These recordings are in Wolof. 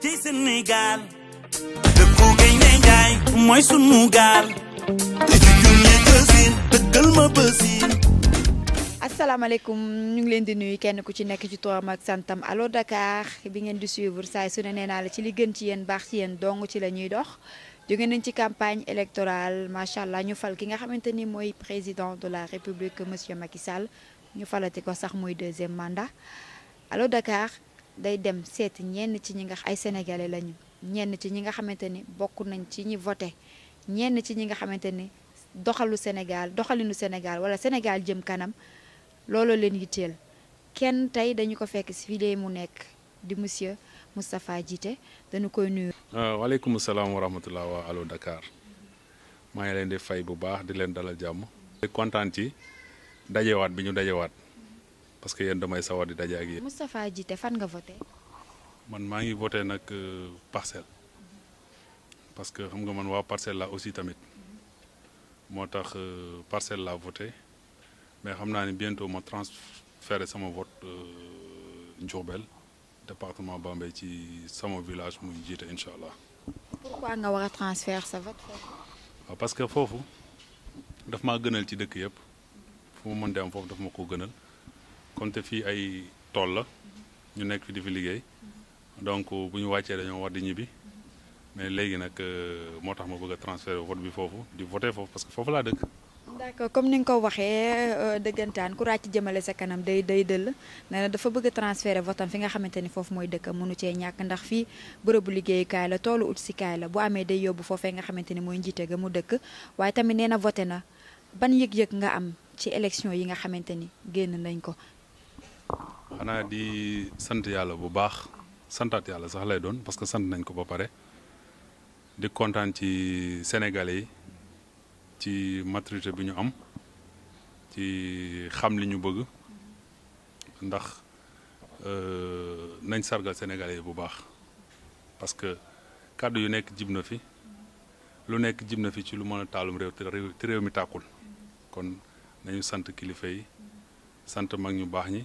ci Sénégal dëkku gaynde njaay mooy sunu gaal li ci julli bësin dëggal ma bësin asalaamaaleykum ñu ngi leen di nuyu kenn ku ci nekk ci tooram ak santam allo Dakar bi ngeen di suivre saa su ne nee naa ci li gën ci yéen baax ci yéen dong ci la ñuy dox jóge nañ ci campagne électorale macha allah ñu fal ki nga xamante ni mooy président de la république monsieur Macky Sall ñu falati ko sax muy deuxième mandat allo Dakar. day dem seeti ñenn ci ñi nga ay sénégalais lañu ñenn ci ñi nga xamante ni bokk nañ ci ñi voté ñenn ci ñi nga xamante ni doxalu Sénégal doxalinu Sénégal wala Sénégal jëm kanam looloo leen yitteel kenn tey dañu ko fekk si fii mu nekk di monsieur Moustapha jiite dañu koy nuyu. Euh, waaleykum salaam wa rahmatulah waa allo Dakar maa ngi leen di fay bu baax di leen dalal jàmm. di kontaan ci dajewaat bi ñu dajewaat. parce que yéen damay sawar di daje ak yéen. Moustapha Djité fan nga voté. man maa ngi voté nag euh, parcelle parce que xam nga man waa parcelle la aussi tamit moo tax euh, parcelle la voté mais xam naa ni bientôt ma transféré sama vote euh, Diourbel département Bambey ci sama village muy Djité incha allah. pourquoi nga war a transférer sa vote parce que foofu daf maa gënal ci dëkk yëpp fu ma mën di am foofu daf ma ko gënal. comme te fii ay tool la ñu nekk fi di fi liggéey donc bu ñu wàccee dañoo war di ñibbi mais léegi nag euh, moo tax ma bëgg a transférer vote bi foofu di voter foofu parce que foofu laa dëkk. d'accord comme ni nga ko waxee euh, dëggantaan ku ràcc jëmale sa kanam day day dëll nee na dafa bëgg a transférer votam fi nga xamante ni foofu mooy dëkk mënu cee ñàkk ndax fii bërëbu liggéeyukaay la toolu ut si la bu amee day yóbbu foofee nga xamante ni mooy njiite ga mu dëkk waaye tamit nee na voté na ban yëg-yëg nga am ci élection yi nga xamante ni génn nañ ko xanaa di sant yàlla bu baax santaat yàlla sax lay doon parce que sant nañ ko ba pare di kontaan ci Sénégalais yi ci maturité bi ñu am ci xam li ñu bëgg ndax euh, nañ sargal Sénégalais yi bu baax parce que kàddu yu nekk jib na fi lu nekk jib na fi ci lu mën a taalum réew te réew mi tàkkul kon nañu sant kilifa yi sant mag ñu baax ñi.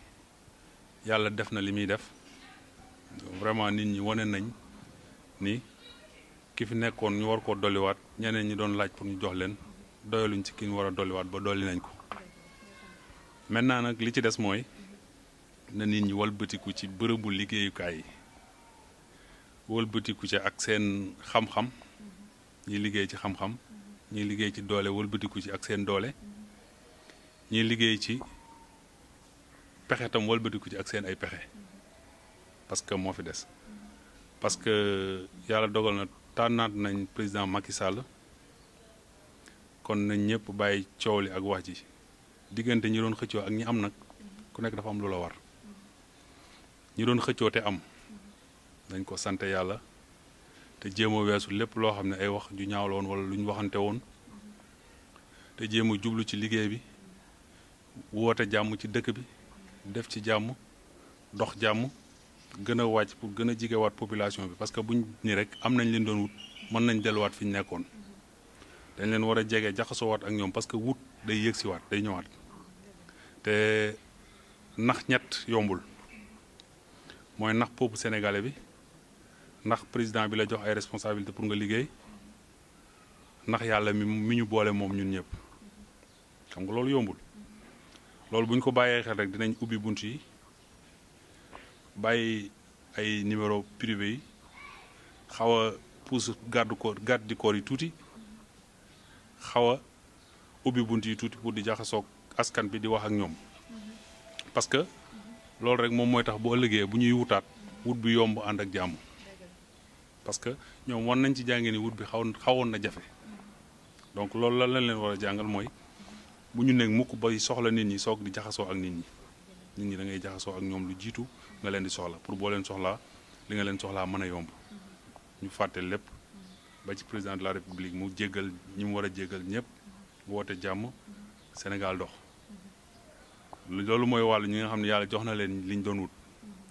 yàlla def na li muy def vraiment nit ñi wane nañ ni ki fi nekkoon ñu war koo dolliwaat ñeneen ñi doon laaj pour ñu jox leen doyaluñ ci ki ñu war a dolliwaat ba dolli nañ ko maintenant nag li ci des mooy na nit ñi walbatiku ci bërëbu liggéeyukaay yi walbatiku ci ak seen xam-xam ñi liggéey ci xam-xam ñi liggéey ci doole walbatiku ci ak seen doole ñi liggéey ci pexe tam walbatiku ci ak seen ay pexe parce que moo fi des parce que yàlla dogal na tànnaat nañ président Macky Sall kon nañ ñëpp bàyyi coow li ak wax ji diggante ñi doon xëccoo ak ñi am nag ku nekk dafa am lu la war ñi doon xëccoo te am nañ ko sant yàlla te jéem a weesu lépp loo xam ne ay wax ju ñaaw la woon wala lu ñu waxante woon te jéem a jublu ci liggéey bi woote jàmm ci dëkk bi. def ci jàmm dox jàmm gën a wàcc pour gën a jigewaat population bi parce que buñ ni rek am nañ leen doon wut mën nañ delluwaat fi ñu nekkoon dañ leen war a jege jaxasoowaat ak ñoom parce que wut day yëgsiwaat day ñëwaat te nax ñett yombul mooy nax peuple sénégalais bi ndax président bi la jox ay responsabilité pour nga liggéey ndax yàlla mi mi ñu boole moom ñun ñëpp xam nga loolu yombul. loolu bu ñu ko bàyyee xel rek dinañ ubbi bunt yi bàyyi ay numéro privé yi xaw a pousse garde corps garde yi tuuti xaw a ubbi bunt yi tuuti pour di jaxasoog askan bi di wax ak ñoom parce que loolu rek moom mooy tax bu ëllëgee bu ñuy wutaat wut bi yomb ànd ak jàmm parce que ñoom war nañ ci jàngee ni wut bi xaw xawoon na jafe donc loolu la lañ leen war a jàngal mooy bu ñu nekk mukk bay soxla nit ñi soog di jaxasoo ak nit ñi nit ñi da ngay jaxasoo ak ñoom lu jiitu nga leen di soxla pour boo leen soxla li nga leen soxlaa mën a yomb ñu fàtte lépp ba ci président de la république mu jéggal ñi mu war a jéggal ñëpp woote jàmm Sénégal dox loolu mooy wàllu ñi nga xam ne yàlla jox na leen liñ doon wut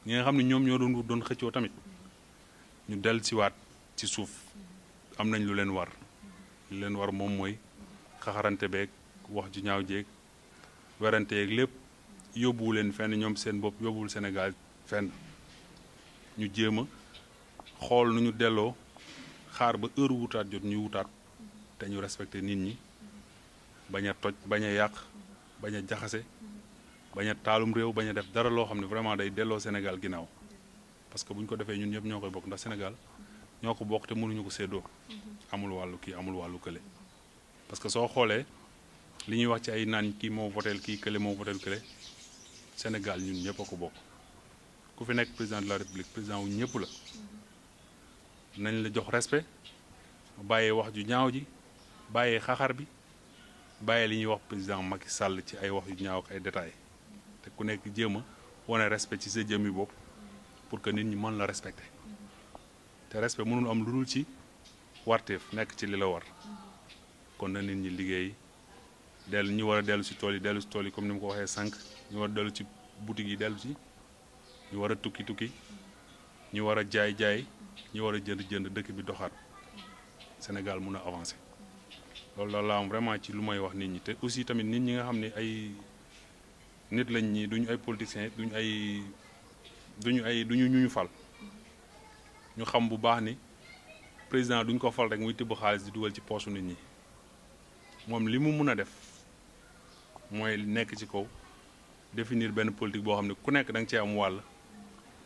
ñi nga xam ne ñoom ñoo doon wut doon xëccoo tamit ñu del siwaat ci suuf am nañ lu leen war li leen war moom mooy xaxarante beeg wax ju ñaaw jéeg werante yeeg lépp yóbbuwu leen fenn ñoom seen bopp yóbbuwul senegaal fenn ñu jéem a xool nu ñu delloo xaar ba heure wutaat jot ñu wutaat te ñu nit ñi bañ a toj bañ yàq bañ jaxase bañ a taalum réew bañ a def dara loo xam ne vraiment day delloo Sénégal ginnaaw parce que bu ñu ko defee ñun ñëpp ñoo koy bokk ndax Sénégal ñoo ko bokk te mënuñu ko séddoo amul wàllu kii amul wàllu kële parce soo xoolee. li ñuy wax ci ay naan kii moo votel kii kële moo votel kële Sénégal ñun ñëpp a ko bokk ku fi nekk président de la république président wu ñëpp la nañ la jox respe bàyyee wax ju ñaaw ji bàyyee xaxar bi bàyyee li ñuy wax président Macky sàll ci ay wax yu ñaaw ak ay détails te ku nekk jéem a wane respect ci sa jëmmi bopp pour que nit ñi mën la respecter te respe mënul am lu dul ci warteef nekk ci li la war kon na nit ñi liggéey. dellu ñu war a dellu si tool yi dellu si tool yi comme ni ma ko waxee sànq ñu ci boutique yi si ñu tuki tuki, tukki tukki ñu war a jaay jaay ñu war a jënd jënd dëkk bi doxaat Sénégal mun a avancer loolu loolu laa am vraiment ci lu may wax nit ñi te aussi tamit nit ñi nga ay nit lañ ñi duñu ay politiciens duñu ay duñu ay duñu ñu fal ñu xam bu baax ni président duñ ko fal rek muy tibb xaalis di dugal ci poosu nit ñi muna def mooy nekk ci kaw définir benn politique boo xam ne ku nekk da nga cee am wàll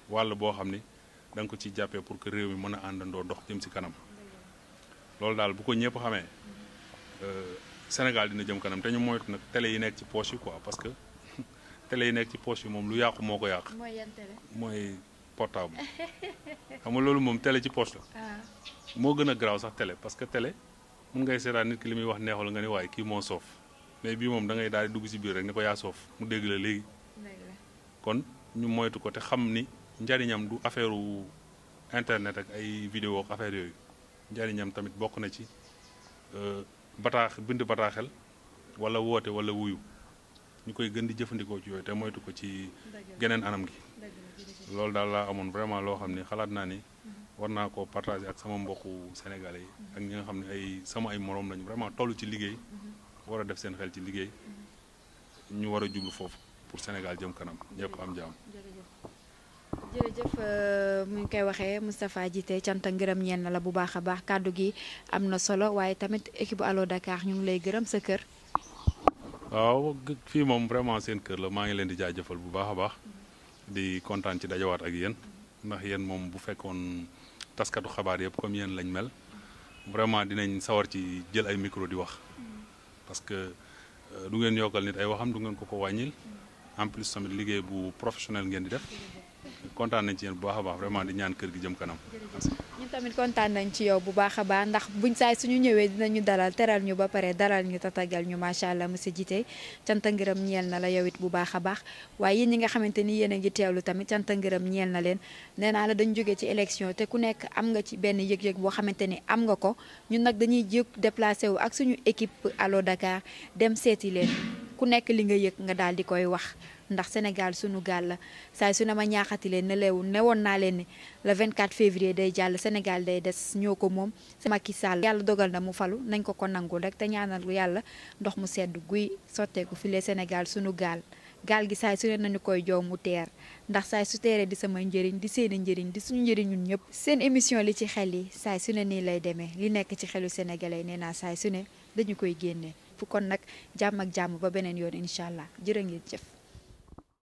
wàll boo xam ni da ko ci jàppee pour que réew mi mën a àndandoo dox jëm ci kanam loolu daal bu ko ñëpp xamee euh, Sénégal dina jëm kanam te ñu moytu nag télé yi nekk ci poche yi quoi parce que télé yi nekk ci poche yi moom lu yàqu moo ko yàq. mooy portable xam nga loolu moom tele ci poche la. Ah. moo gën a garaaw sax tele parce que télé mun ngay seetaan nit ki li muy wax neexul nga ni waaye kii moo soof. mais bii moom da ngay daal di dugg si biir rek ni ko yaa soof mu dégg la léegi kon ñu moytu ko te xam ni njariñam du affaire internet ak ay vidéo ak affaire yooyu njariñam tamit bokk na ci euh, bataax bind bataaxel wala woote wala wuyu ñu koy gën di jëfandikoo ci yooyu te moytu ko ci geneen anam gi loolu daal laa amoon vraiment loo xam ni xalaat naa ni mhm. war naa koo partager ak sama mbokku sénégalais yi mhm. ak ñi nga xam ne ay sama ay morom lañu vraiment toll ci liggéey mhm. Wara a def seen xel ci liggéey ñu war a jublu foofu pour Sénégal jëm kanam ñëpp am jàmm. jërëjëf euh, mu ngi koy waxee Moustapha Djité cant ngërëm ñenn la bu baax baax kàddu gi am solo waaye tamit équipe Allo Dakar ñu ngi lay gërëm sa kër. waaw fii moom vraiment seen kër la maa ngi leen di jaajëfal bu baax a baax di kontaan ci dajawaat ak yéen ndax yéen bu taskatu comme lañ mel vraiment dinañ sawar ci jël ay micro di wax. parce que du euh, ngeen yokkal nit ay waxam du ngeen ko ko wàññil en plus tamit liggéey bu professionnel ngeen di def kontaan nañ ci yéen bu baax a baax vraiment di ñaan kër gi jëm kanam. tamit kontaan nañ ci yow bu baax a baax ndax buñ saay ñu ñëwee dinañu dalal teral ñu ba pare dalal ñu tatagal ñu macha allah monsieur Djité cant ngërëm ñeel na la yow it bu baax a baax waaye yéen ñi nga xamante ni yéen a ngi teewlu tamit cant ngërëm ñeel na leen nee naa la dañ jógee ci élection te ku nekk am nga ci benn yëg-yëg boo xamante ni am nga ko ñun nag dañuy jéeg déplacé wu ak suñu équipe Allo Dakar dem seeti leen ku nekk li nga yëg nga daal di koy wax ndax Sénégal sunu gaal la saa su ne ma ñaaxati leen ne leewu newoon naa leen ne vingt 24 février day jàll Sénégal day des ñoo ko moom sama Macky Sall yàlla dogal na mu falu nañ ko ko nangul rek te ñaanal yàlla ndox mu sedd guy sotteeku file Sénégal sunu gaal gaal gi saay su ne nañu koy joow mu teer ndax saay su teeree di sama njëriñ di seeni njëriñ di suñu njëriñu ñun ñëpp seen émission li ci xel yi saay su ne nii lay demee li nekk ci xelu sénégalais nee naa saay su dañu koy génne kon nag jàmm ak jàmm ba beneen yoon incha allah jërë ngeen